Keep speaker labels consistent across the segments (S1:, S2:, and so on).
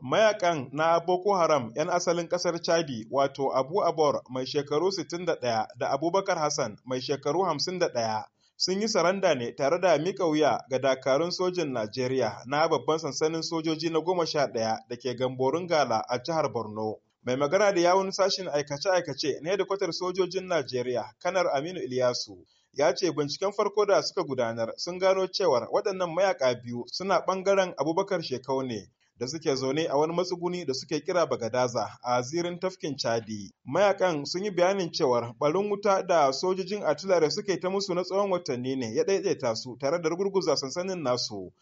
S1: Mayakan na Boko Haram 'yan asalin ƙasar Chadi wato Abu Abor mai shekaru 61 da Abubakar Hassan mai shekaru 51 sun yi saranda ne tare da miƙa wuya ga dakarun sojin Najeriya na babban sansanin sojoji na goma sha ɗaya da ke gamborin Gala a jihar Borno. Mai magana da yawun sashin aikace-aikace na hedikwatar sojojin Najeriya, Kanar Aminu Ilyasu, ya ce binciken farko da suka gudanar sun gano cewar waɗannan mayaka biyu suna ɓangaren abubakar shekau ne da suke zaune a wani matsuguni da suke kira Bagadaza a zirin tafkin Chadi. Mayakan sun yi bayanin cewar barin wuta da sojojin artillery suke ta musu na tsawon watanni ne ya daidaita su tare da rugurguza sansanin nasu.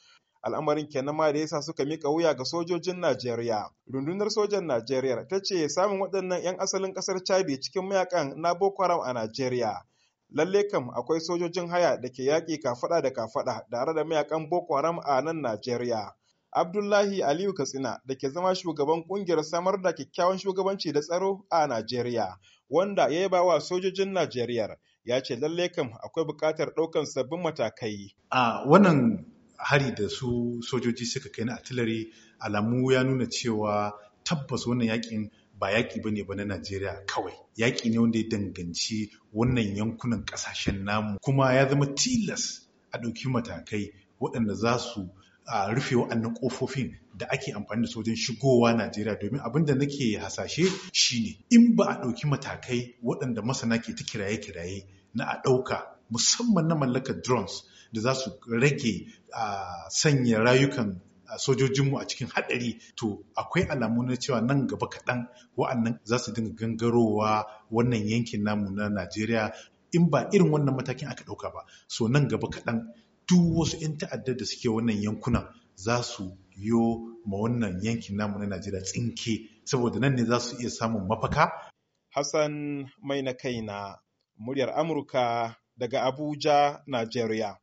S1: al'amarin kenan ma da yasa suka mika wuya ga sojojin Najeriya. Rundunar sojan Najeriya ta ce samun waɗannan 'yan asalin ƙasar Chadi cikin mayakan na Boko Haram a Najeriya. Lalle kam akwai sojojin haya da ke yaƙi kafaɗa da kafaɗa tare da mayakan Boko Haram a nan Najeriya. Abdullahi Aliyu Katsina da ke zama shugaban kungiyar samar da kyakkyawan shugabanci da tsaro a Najeriya, wanda ya yaba wa sojojin Najeriya ya ce lalle kam akwai buƙatar ɗaukan sabbin matakai.
S2: A wannan hari da su sojoji suka kai na artillery alamu ya nuna cewa tabbas wannan yakin ba yaki ba ne ba na Najeriya kawai. Yaƙi ne wanda ya danganci wannan yankunan ƙasashen namu kuma ya zama tilas a ɗauki matakai waɗanda za su a rufe waɗannan ƙofofin da ake amfani da su wajen shigowa Najeriya domin abin da nake hasashe shine in ba a ɗauki matakai waɗanda masana ke ta kiraye-kiraye na a ɗauka musamman na mallakar drones da za su rage a sanya rayukan sojojinmu a cikin haɗari to akwai alamu na cewa nan gaba kaɗan wa'annan za su dinga gangarowa wannan yankin namu na Najeriya in ba irin wannan matakin aka ɗauka ba so nan gaba kaɗan duk wasu 'yan ta'addar da suke wannan yankuna za su yo ma wannan yankin namu na Najeriya tsinke saboda nan ne za su iya samun mafaka.
S1: Hassan mai na kai na muryar Amurka daga Abuja, Najeriya.